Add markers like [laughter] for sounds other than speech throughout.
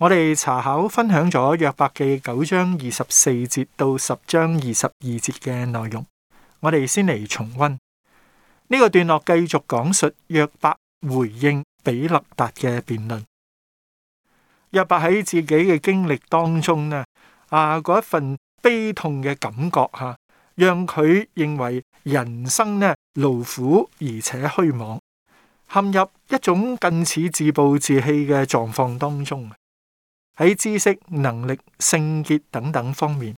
我哋查考分享咗約伯記九章二十四節到十章二十二節嘅內容，我哋先嚟重溫呢、這個段落，繼續講述約伯回應比勒達嘅辯論。約伯喺自己嘅經歷當中呢，啊嗰一份悲痛嘅感覺吓、啊，讓佢認為人生呢勞苦而且虛妄，陷入一種近似自暴自棄嘅狀況當中。喺知識、能力、聖潔等等方面，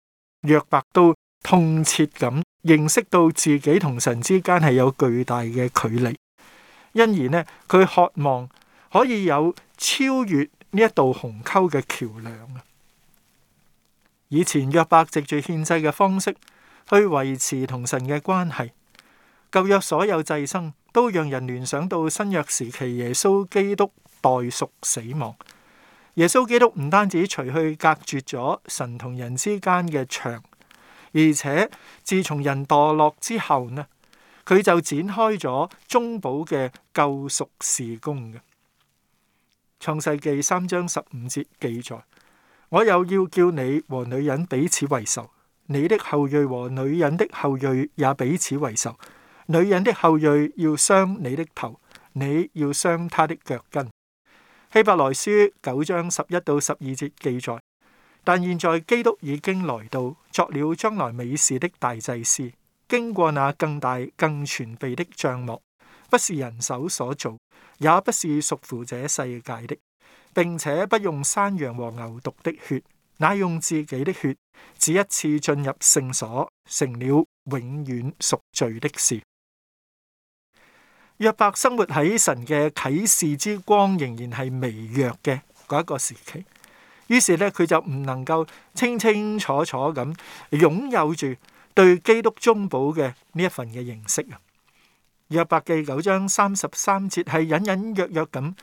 約伯都痛切咁認識到自己同神之間係有巨大嘅距離，因而呢，佢渴望可以有超越呢一道鴻溝嘅橋樑。以前約伯藉住獻祭嘅方式去維持同神嘅關係，舊約所有祭牲都讓人聯想到新約時期耶穌基督代贖死亡。耶穌基督唔單止除去隔絕咗神同人之間嘅牆，而且自從人墮落之後呢，佢就展開咗中保嘅救贖事工嘅。創世記三章十五節記載：我又要叫你和女人彼此為仇，你的後裔和女人的後裔也彼此為仇，女人的後裔要傷你的頭，你要傷他的腳跟。希伯來書九章十一到十二節記載，但現在基督已經來到，作了將來美事的大祭司，經過那更大更全備的帳幕，不是人手所做，也不是屬乎這世界的，並且不用山羊和牛犢的血，乃用自己的血，只一次進入聖所，成了永遠贖罪的事。約伯生活喺神嘅啟示之光，仍然係微弱嘅嗰一個時期。於是咧，佢就唔能夠清清楚楚咁擁有住對基督中保嘅呢一份嘅認識啊。約伯記九章三十三節係隱隱約約咁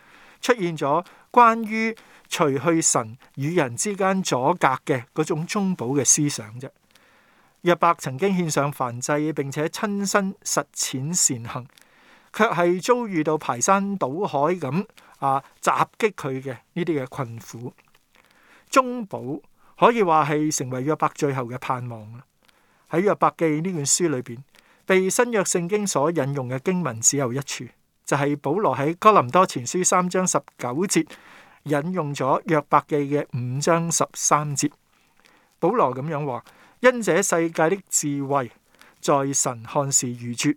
出現咗關於除去神與人之間阻隔嘅嗰種中保嘅思想啫。約伯曾經獻上燔祭，並且親身實踐善行。卻係遭遇到排山倒海咁啊，襲擊佢嘅呢啲嘅困苦，中保可以話係成為約伯最後嘅盼望。喺約伯記呢本書裏邊，被新約聖經所引用嘅經文只有一處，就係、是、保羅喺哥林多前書三章十九節引用咗約伯記嘅五章十三節。保羅咁樣話：，因這世界的智慧，在神看是愚拙。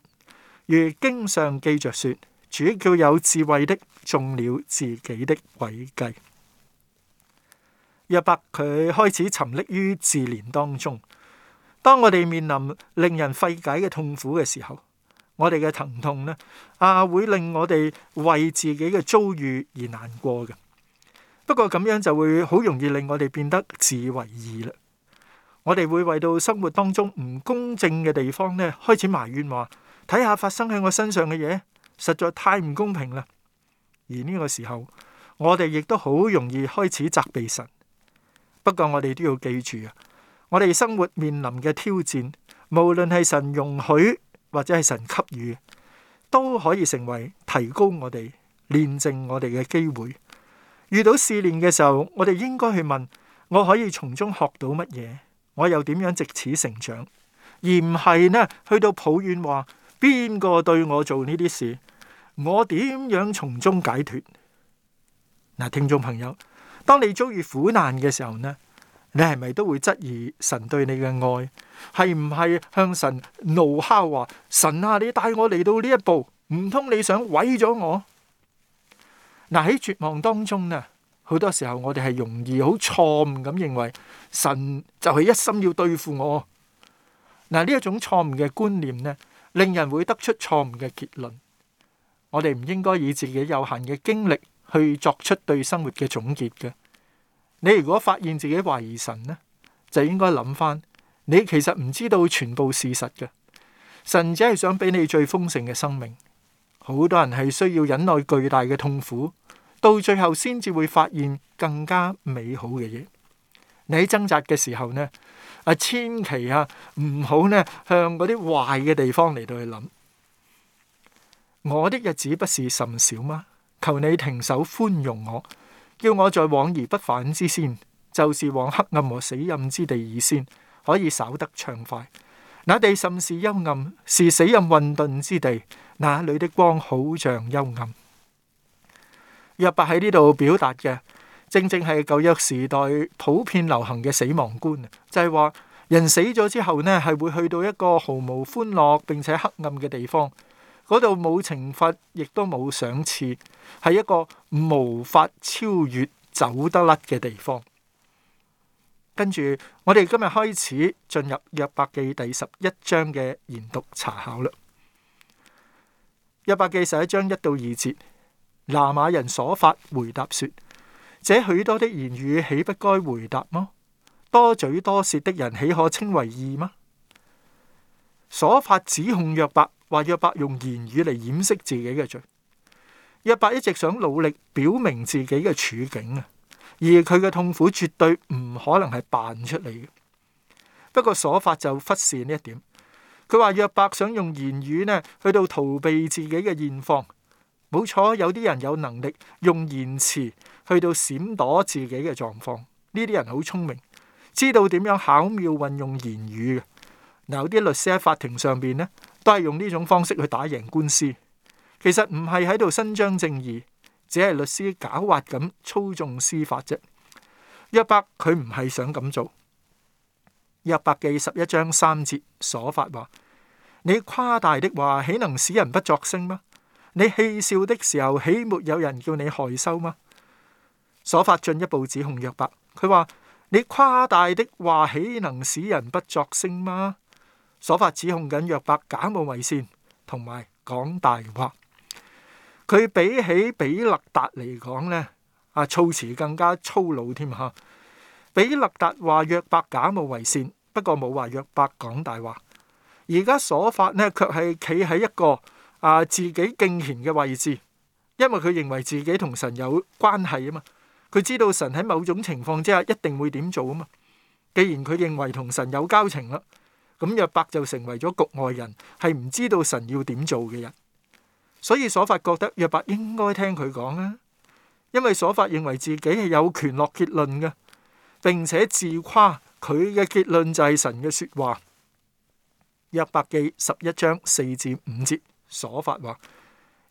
如經上記着說，主叫有智慧的中了自己的詭計。若伯佢開始沉溺於自憐當中。當我哋面臨令人費解嘅痛苦嘅時候，我哋嘅疼痛呢？啊，會令我哋為自己嘅遭遇而難過嘅。不過咁樣就會好容易令我哋變得自為意啦。我哋會為到生活當中唔公正嘅地方呢，開始埋怨話。睇下發生喺我身上嘅嘢，實在太唔公平啦！而呢個時候，我哋亦都好容易開始責備神。不過我哋都要記住啊，我哋生活面臨嘅挑戰，無論係神容許或者係神給予，都可以成為提高我哋練正我哋嘅機會。遇到試煉嘅時候，我哋應該去問：我可以從中學到乜嘢？我又點樣借此成長？而唔係呢，去到抱怨話。邊個對我做呢啲事？我點樣從中解脱？嗱，聽眾朋友，當你遭遇苦難嘅時候呢，你係咪都會質疑神對你嘅愛？係唔係向神怒敲話：神啊，你帶我嚟到呢一步，唔通你想毀咗我？嗱，喺絕望當中呢好多時候我哋係容易好錯誤咁認為神就係一心要對付我。嗱，呢一種錯誤嘅觀念呢？令人會得出錯誤嘅結論。我哋唔應該以自己有限嘅經歷去作出對生活嘅總結嘅。你如果發現自己懷疑神呢，就應該諗翻你其實唔知道全部事實嘅。神只係想俾你最豐盛嘅生命。好多人係需要忍耐巨大嘅痛苦，到最後先至會發現更加美好嘅嘢。你喺掙扎嘅時候呢，啊，千祈啊，唔好呢向嗰啲壞嘅地方嚟到去諗。我的日子不是甚少嗎？求你停手寬容我，叫我在往而不返之先，就是往黑暗和死蔭之地以先，可以稍得暢快。那地甚是幽暗，是死蔭混沌之地，那裏的光好像幽暗。約伯喺呢度表達嘅。正正係舊約時代普遍流行嘅死亡觀就係話人死咗之後呢，係會去到一個毫無歡樂並且黑暗嘅地方，嗰度冇懲罰，亦都冇賞賜，係一個無法超越走得甩嘅地方。跟住我哋今日開始進入約伯記第十一章嘅研讀查考啦。約伯記十一章一到二節，拿瑪人瑣法回答說。這許多的言語，豈不該回答嗎？多嘴多舌的人，豈可稱為義嗎？所法指控約伯，話約伯用言語嚟掩飾自己嘅罪。約伯一直想努力表明自己嘅處境啊，而佢嘅痛苦絕對唔可能係扮出嚟嘅。不過所法就忽視呢一點，佢話約伯想用言語呢去到逃避自己嘅現況。冇錯，有啲人有能力用言辭去到閃躲自己嘅狀況，呢啲人好聰明，知道點樣巧妙運用言語嘅。有啲律師喺法庭上邊咧，都係用呢種方式去打贏官司。其實唔係喺度伸張正義，只係律師狡猾咁操縱司法啫。約伯，佢唔係想咁做。約伯記十一章三節所發話：你誇大的話，豈能使人不作聲嗎？你戲笑的時候，豈沒有人叫你害羞嗎？所法進一步指控約伯，佢話你誇大的話，豈能使人不作聲嗎？所法指控緊約伯假冒為善，同埋講大話。佢比起比勒達嚟講呢，啊措辭更加粗魯添吓。比勒達話約伯假冒為善，不過冇話約伯講大話。而家所法呢，卻係企喺一個。啊，自己敬虔嘅位置，因為佢認為自己同神有關係啊嘛。佢知道神喺某種情況之下一定會點做啊嘛。既然佢認為同神有交情啦，咁約伯就成為咗局外人，係唔知道神要點做嘅人。所以所法覺得約伯應該聽佢講啊，因為所法認為自己係有權落結論嘅，並且自誇佢嘅結論就係神嘅説話。約伯記十一章四至五節。瑣法話：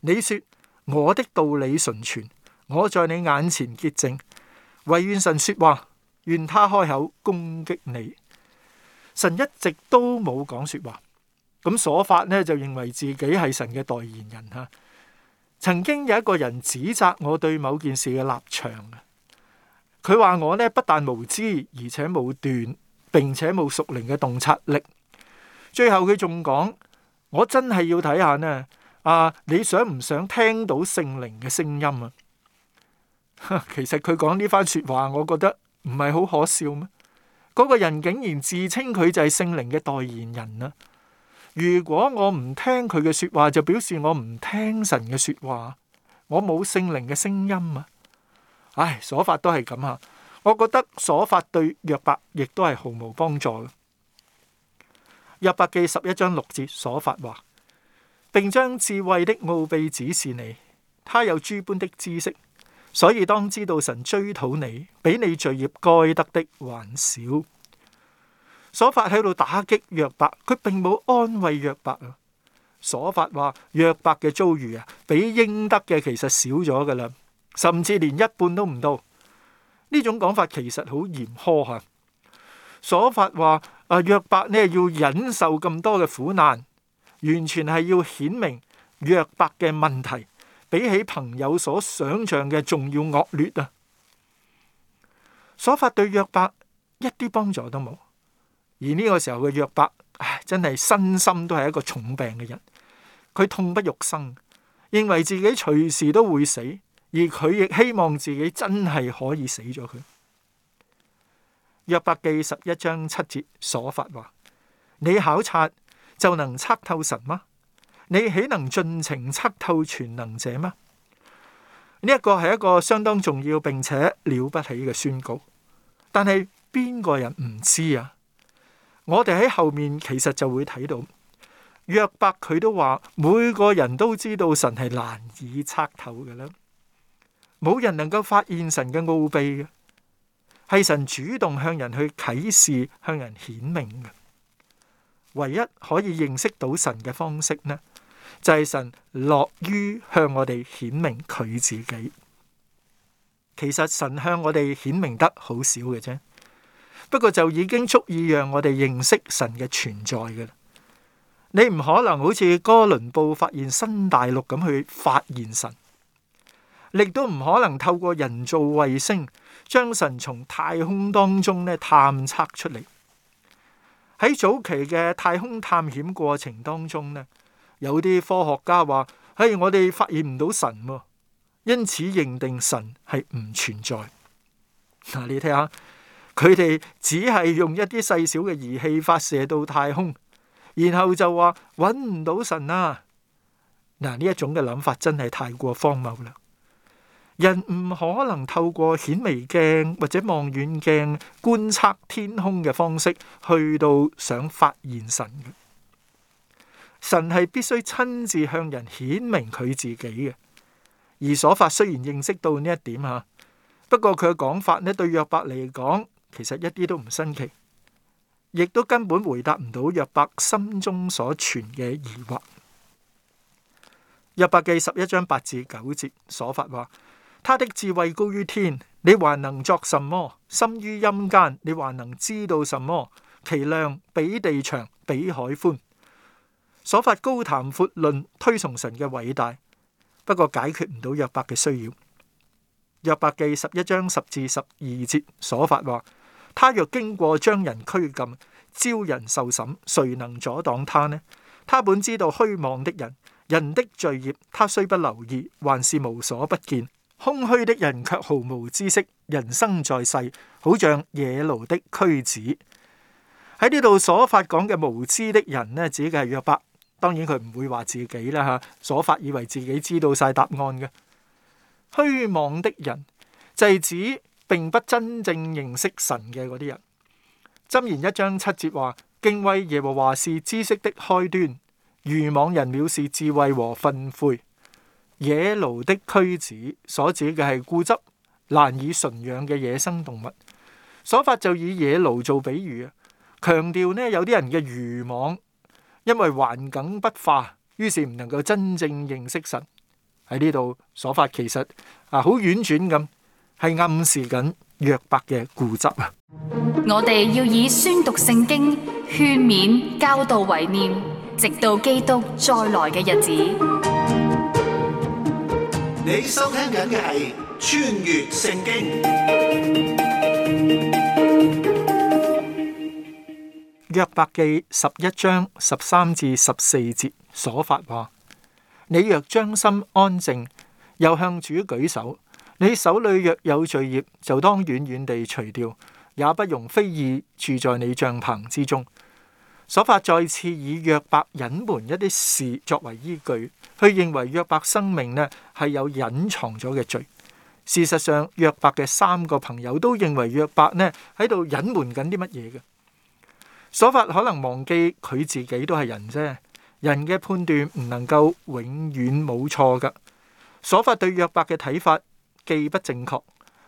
你說我的道理純全，我在你眼前潔淨。唯願神說話，願他開口攻擊你。神一直都冇講說話，咁瑣法呢就認為自己係神嘅代言人吓。曾經有一個人指責我對某件事嘅立場，佢話我呢不但無知，而且無斷，並且冇屬靈嘅洞察力。最後佢仲講。我真係要睇下呢，啊，你想唔想聽到聖靈嘅聲音啊？ [laughs] 其實佢講呢番説話，我覺得唔係好可笑咩？嗰、那個人竟然自稱佢就係聖靈嘅代言人啦、啊！如果我唔聽佢嘅説話，就表示我唔聽神嘅説話，我冇聖靈嘅聲音啊！唉，所法都係咁啊！我覺得所法對約伯亦都係毫無幫助。約伯記十一章六節，所法話，並將智慧的奧秘指示你，他有諸般的知識，所以當知道神追討你，比你罪孽該得的還少。所法喺度打擊約伯，佢並冇安慰約伯啊。所法話約伯嘅遭遇啊，比應得嘅其實少咗噶啦，甚至連一半都唔到。呢種講法其實好嚴苛吓。所法話。啊，約伯呢要忍受咁多嘅苦難，完全係要顯明約伯嘅問題，比起朋友所想像嘅仲要惡劣啊！瑣法對約伯一啲幫助都冇，而呢個時候嘅約伯，唉，真係身心都係一個重病嘅人，佢痛不欲生，認為自己隨時都會死，而佢亦希望自己真係可以死咗佢。約伯記十一章七節所發話：你考察就能測透神嗎？你豈能盡情測透全能者嗎？呢、這、一個係一個相當重要並且了不起嘅宣告。但係邊個人唔知啊？我哋喺後面其實就會睇到，約伯佢都話每個人都知道神係難以測透嘅啦，冇人能夠發現神嘅奧秘嘅。係神主動向人去啟示、向人顯明嘅，唯一可以認識到神嘅方式呢，就係、是、神樂於向我哋顯明佢自己。其實神向我哋顯明得好少嘅啫，不過就已經足以讓我哋認識神嘅存在㗎啦。你唔可能好似哥倫布發現新大陸咁去發現神。亦都唔可能透過人造衛星將神從太空當中咧探測出嚟。喺早期嘅太空探險過程當中咧，有啲科學家話：嘿，我哋發現唔到神，因此認定神係唔存在。嗱，你睇下，佢哋只係用一啲細小嘅儀器發射到太空，然後就話搵唔到神啊。嗱，呢一種嘅諗法真係太過荒謬啦。人唔可能透過顯微鏡或者望遠鏡觀察天空嘅方式去到想發現神嘅。神係必須親自向人顯明佢自己嘅。而所法雖然認識到呢一點嚇，不過佢嘅講法咧，對約伯嚟講其實一啲都唔新奇，亦都根本回答唔到約伯心中所存嘅疑惑。約伯記十一章八至九節，所法話。他的智慧高於天，你還能作什麼？深於陰間，你還能知道什麼？其量比地長，比海寬。所發高談闊論，推崇神嘅偉大，不過解決唔到約伯嘅需要。約伯記十一章十至十二節所發話：他若經過將人拘禁，招人受審，誰能阻擋他呢？他本知道虛妄的人，人的罪孽，他雖不留意，還是無所不見。空虛的人卻毫無知識，人生在世，好像野驢的駒子。喺呢度瑣法講嘅無知的人呢，指嘅係約伯，當然佢唔會話自己啦吓。瑣法以為自己知道晒答案嘅，虛妄的人，就係、是、指並不真正認識神嘅嗰啲人。箴言一章七節話：敬畏耶和華是知識的開端，愚妄人藐視智慧和訓誨。野驢的駒子所指嘅係固執難以馴養嘅野生動物，瑣法就以野驢做比喻啊，強調呢有啲人嘅愚妄，因為環境不化，於是唔能夠真正認識神。喺呢度瑣法其實啊好婉轉咁，係暗示緊約伯嘅固執啊。我哋要以宣讀聖經、勸勉、教導為念，直到基督再來嘅日子。你收聽緊嘅係《穿越聖經》約伯記十一章十三至十四節所發話：你若將心安靜，又向主舉手，你手裏若有罪孽，就當遠遠地除掉，也不容非義住在你帳篷之中。所法再次以約伯隱瞞一啲事作為依據，去認為約伯生命咧係有隱藏咗嘅罪。事實上，約伯嘅三個朋友都認為約伯咧喺度隱瞞緊啲乜嘢嘅。所法可能忘記佢自己都係人啫，人嘅判斷唔能夠永遠冇錯噶。所法對約伯嘅睇法既不正確，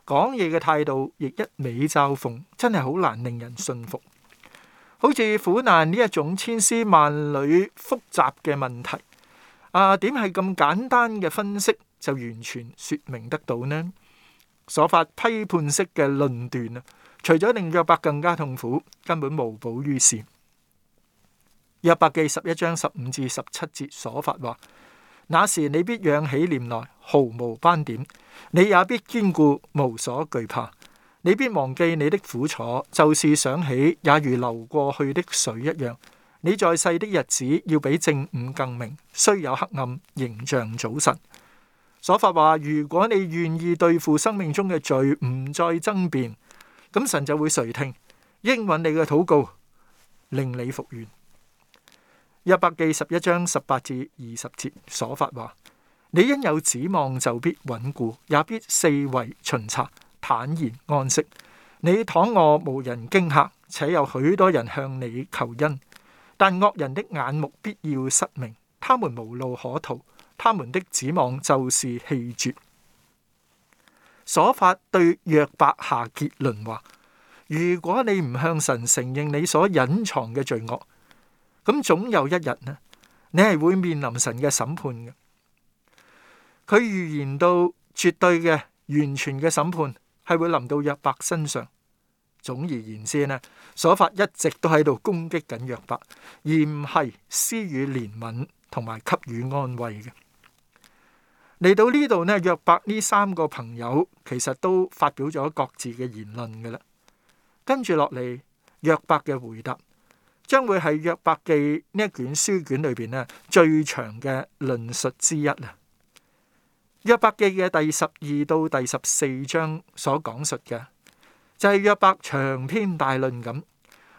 講嘢嘅態度亦一味嘲諷，真係好難令人信服。好似苦難呢一種千絲萬縷、複雜嘅問題，啊點係咁簡單嘅分析就完全説明得到呢？所發批判式嘅論斷啊，除咗令約伯更加痛苦，根本無補於事。約伯記十一章十五至十七節所發話：「那時你必仰起臉來，毫無斑點；你也必堅固，無所懼怕。你必忘記你的苦楚，就是想起也如流過去的水一樣。你在世的日子要比正午更明，雖有黑暗，仍像早晨。所發話：如果你願意對付生命中嘅罪，唔再爭辯，咁神就會垂聽，應允你嘅禱告，令你復原。一百記十一章十八至二十節所發話：你因有指望就必穩固，也必四圍巡查。坦然安息。你躺卧無人驚吓，且有許多人向你求恩。但惡人的眼目必要失明，他們無路可逃，他們的指望就是氣絕。瑣法對約伯下結論話：如果你唔向神承認你所隱藏嘅罪惡，咁總有一日呢，你係會面臨神嘅審判嘅。佢預言到絕對嘅、完全嘅審判。係會臨到約伯身上。總而言之呢，所發一直都喺度攻擊緊約伯，而唔係施與憐憫同埋給予安慰嘅。嚟到呢度咧，約伯呢三個朋友其實都發表咗各自嘅言論㗎喇。跟住落嚟，約伯嘅回答將會係約伯記呢一卷書卷裏邊呢最長嘅論述之一啊！約伯記嘅第十二到第十四章所講述嘅，就係、是、約伯長篇大論咁，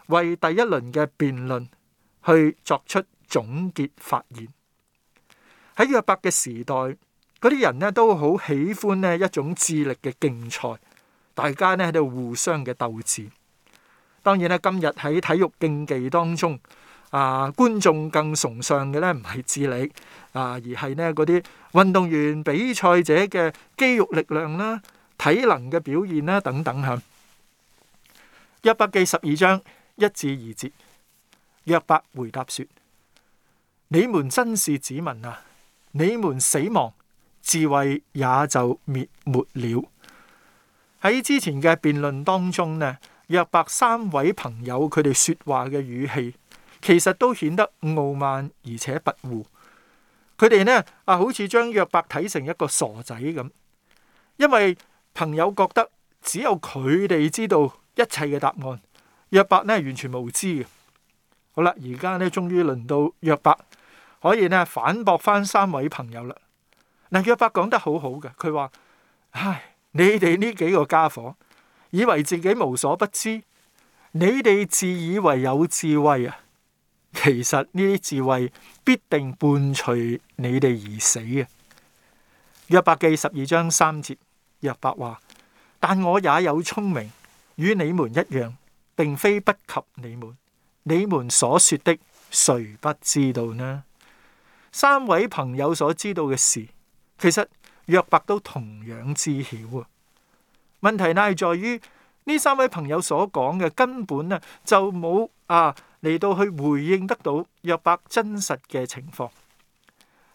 為第一輪嘅辯論去作出總結發言。喺約伯嘅時代，嗰啲人呢都好喜歡呢一種智力嘅競賽，大家呢喺度互相嘅鬥智。當然咧，今日喺體育競技當中。啊！觀眾更崇尚嘅咧，唔係智力啊，而係呢嗰啲運動員比賽者嘅肌肉力量啦、體能嘅表現啦等等。嚇，《一百記十二章》一至二節，約伯回答說：你們真是子民啊！你們死亡，智慧也就滅沒了。喺之前嘅辯論當中呢，約伯三位朋友佢哋說話嘅語氣，其實都顯得傲慢，而且跋扈，佢哋呢，啊，好似將約伯睇成一個傻仔咁，因為朋友覺得只有佢哋知道一切嘅答案。約伯呢，完全無知嘅。好啦，而家呢，終於輪到約伯可以呢，反駁翻三位朋友啦。嗱，約伯講得好好嘅，佢話：唉，你哋呢幾個傢伙以為自己無所不知，你哋自以為有智慧啊！其實呢啲智慧必定伴隨你哋而死嘅。約伯記十二章三節，約伯話：但我也有聰明，與你們一樣，並非不及你們。你們所說的，誰不知道呢？三位朋友所知道嘅事，其實約伯都同樣知曉啊。問題乃係在於呢三位朋友所講嘅根本呢，就冇啊。嚟到去回應得到約伯真實嘅情況。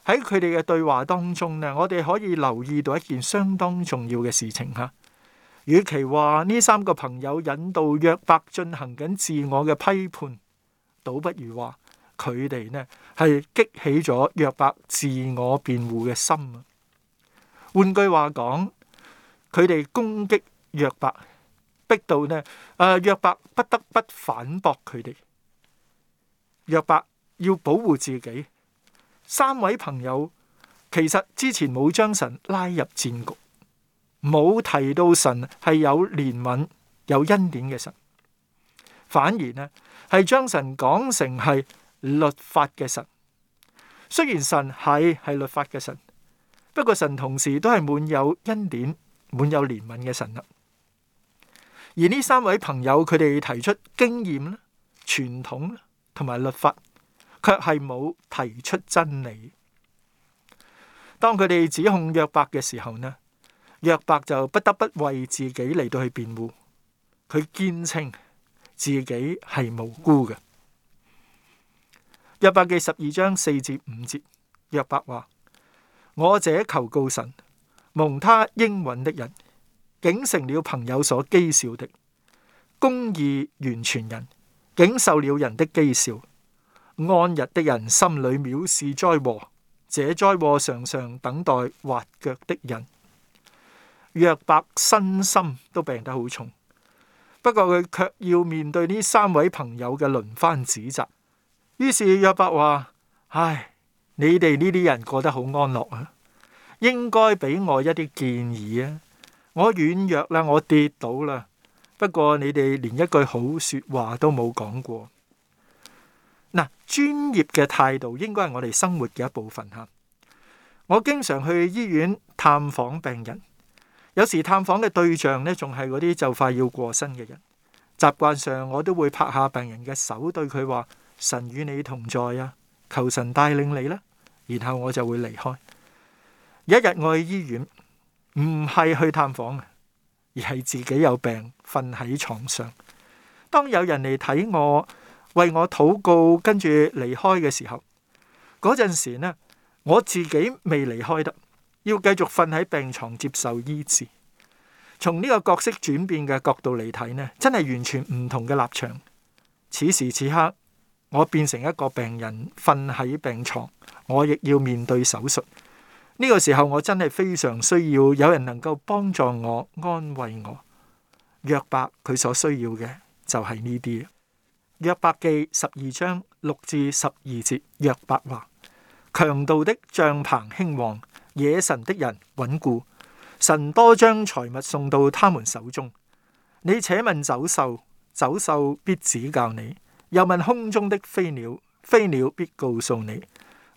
喺佢哋嘅對話當中呢，我哋可以留意到一件相當重要嘅事情嚇。與其話呢三個朋友引導約伯進行緊自我嘅批判，倒不如話佢哋呢係激起咗約伯自我辯護嘅心啊。換句話講，佢哋攻擊約伯，逼到呢誒約伯不得不反駁佢哋。約伯要保護自己，三位朋友其實之前冇將神拉入戰局，冇提到神係有憐憫、有恩典嘅神，反而咧係將神講成係律法嘅神。雖然神係係律法嘅神，不過神同時都係滿有恩典、滿有憐憫嘅神啦。而呢三位朋友，佢哋提出經驗咧、傳統。同埋律法，卻係冇提出真理。當佢哋指控約伯嘅時候呢？約伯就不得不為自己嚟到去辯護，佢堅稱自己係無辜嘅。約伯嘅十二章四至五節，約伯話：我者求告神，蒙他應允的人，竟成了朋友所譏笑的公義完全人。竟受了人的譏笑，安逸的人心裏藐視災禍，這災禍常常等待滑腳的人。約伯身心都病得好重，不過佢卻要面對呢三位朋友嘅輪番指責。於是約伯話：「唉，你哋呢啲人過得好安樂啊，應該俾我一啲建議啊！我軟弱啦，我跌倒啦。不過你哋連一句好說話都冇講過。嗱，專業嘅態度應該係我哋生活嘅一部分吓。我經常去醫院探訪病人，有時探訪嘅對象呢仲係嗰啲就快要過身嘅人。習慣上我都會拍下病人嘅手，對佢話：神與你同在啊，求神帶領你啦、啊。然後我就會離開。有一日我去醫院，唔係去探訪而係自己有病，瞓喺床上。當有人嚟睇我，為我禱告，跟住離開嘅時候，嗰陣時呢，我自己未離開得，要繼續瞓喺病床接受醫治。從呢個角色轉變嘅角度嚟睇呢，真係完全唔同嘅立場。此時此刻，我變成一個病人，瞓喺病床，我亦要面對手術。呢個時候我真係非常需要有人能夠幫助我、安慰我。約伯佢所需要嘅就係呢啲。約伯記十二章六至十二節，約伯話：強盜的帳棚興旺，惹神的人穩固，神多將財物送到他們手中。你且問走獸，走獸必指教你；又問空中的飛鳥，飛鳥必告訴你；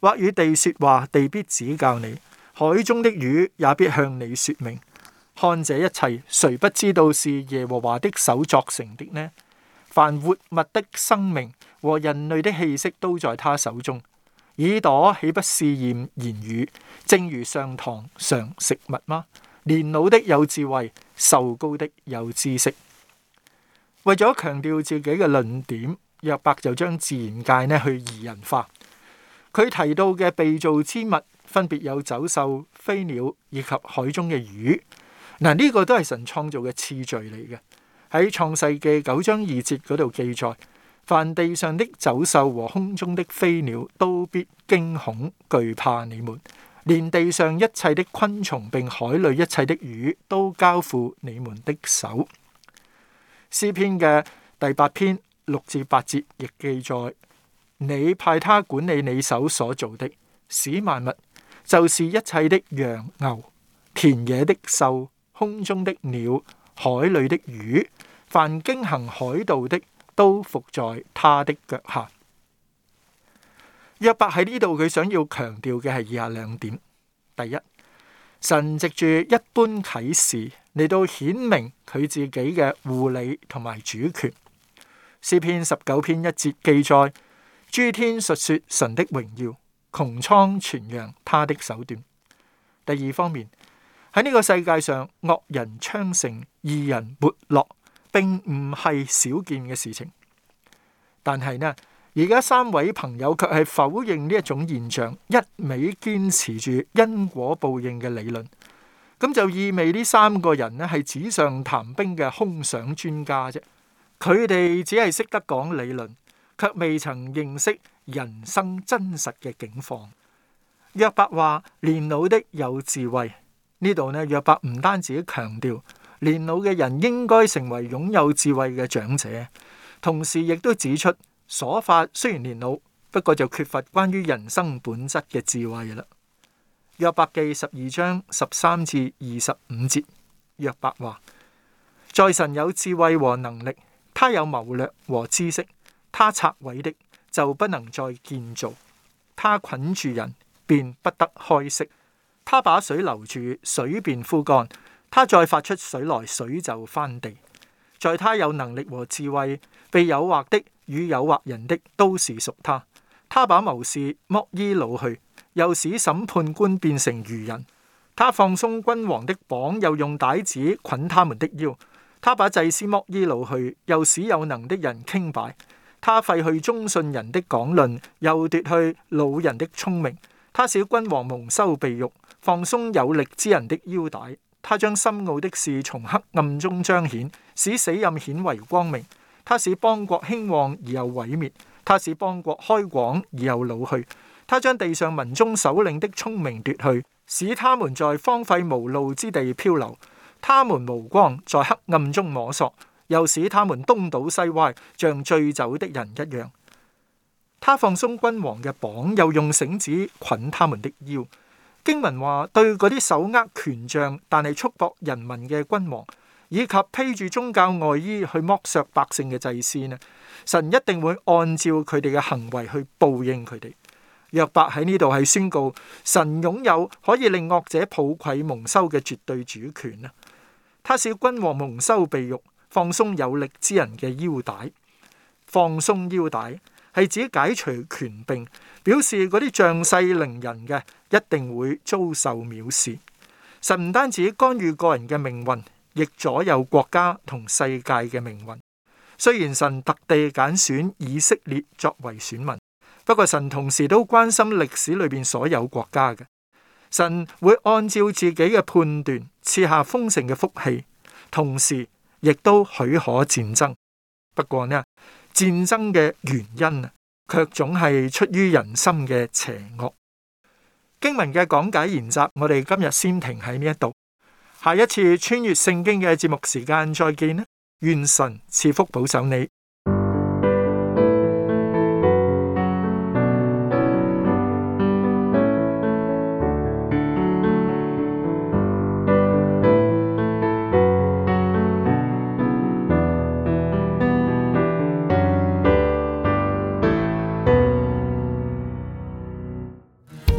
或與地說話，地必指教你。海中的魚也必向你說明，看這一切，誰不知道是耶和華的手作成的呢？凡活物的生命和人類的氣息都在他手中。耳朵豈不試驗言語，正如上膛嘗食物嗎？年老的有智慧，壽高的有知識。為咗強調自己嘅論點，約伯就將自然界呢去擬人化。佢提到嘅被造之物，分別有走獸、飛鳥以及海中嘅魚。嗱，呢個都係神創造嘅次序嚟嘅。喺創世記嘅九章二節嗰度記載：凡地上的走獸和空中的飛鳥，都必驚恐懼怕你們；連地上一切的昆蟲並海裏一切的魚，都交付你們的手。詩篇嘅第八篇六至八節亦記載：你派他管理你手所造的，使萬物。就是一切的羊牛、田野的獸、空中的鳥、海裡的魚，凡經行海道的，都伏在他的腳下。約伯喺呢度，佢想要強調嘅係以下兩點：第一，神藉住一般啟示嚟到顯明佢自己嘅護理同埋主權。詩篇十九篇一節記載：諸天述說神的榮耀。穹蒼傳揚他的手段。第二方面，喺呢個世界上惡人昌盛，義人沒落，並唔係少見嘅事情。但係呢，而家三位朋友卻係否認呢一種現象，一味堅持住因果報應嘅理論。咁就意味呢三個人呢係紙上談兵嘅空想專家啫。佢哋只係識得講理論，卻未曾認識。人生真實嘅境況，約伯話：年老的有智慧。呢度呢，約伯唔單止強調年老嘅人應該成為擁有智慧嘅長者，同時亦都指出瑣法雖然年老，不過就缺乏關於人生本質嘅智慧啦。約伯記十二章十三至二十五節，約伯話：在神有智慧和能力，他有謀略和知識，他拆毀的就不能再建造，他捆住人，便不得開釋；他把水留住，水便枯乾；他再發出水來，水就翻地。在他有能力和智慧，被誘惑的與誘惑人的都是屬他。他把謀士剝衣老去，又使審判官變成愚人；他放鬆君王的綁，又用帶子捆他們的腰；他把祭司剝衣老去，又使有能的人傾擺。他廢去忠信人的講論，又奪去老人的聰明。他使君王蒙羞被辱，放鬆有力之人的腰帶。他將深奧的事從黑暗中彰顯，使死蔭顯為光明。他使邦國興旺而又毀滅，他使邦國開廣而又老去。他將地上民中首領的聰明奪去，使他們在荒廢無路之地漂流，他們無光在黑暗中摸索。又使他們東倒西歪，像醉酒的人一樣。他放鬆君王嘅綁，又用繩子捆他們的腰。經文話：對嗰啲手握權杖但係束縛人民嘅君王，以及披住宗教外衣去剝削百姓嘅祭司呢？神一定會按照佢哋嘅行為去報應佢哋。約伯喺呢度係宣告：神擁有可以令惡者抱愧蒙羞嘅絕對主權啊！他使君王蒙羞被辱。放鬆有力之人嘅腰帶，放鬆腰帶係指解除權柄，表示嗰啲仗勢凌人嘅一定會遭受藐視。神唔單止干預個人嘅命運，亦左右國家同世界嘅命運。雖然神特地揀選以色列作為選民，不過神同時都關心歷史裏邊所有國家嘅。神會按照自己嘅判斷賜下豐盛嘅福氣，同時。亦都許可戰爭，不過呢，戰爭嘅原因啊，卻總係出於人心嘅邪惡。經文嘅講解研習，我哋今日先停喺呢一度，下一次穿越聖經嘅節目時間再見啦！願神賜福保守你。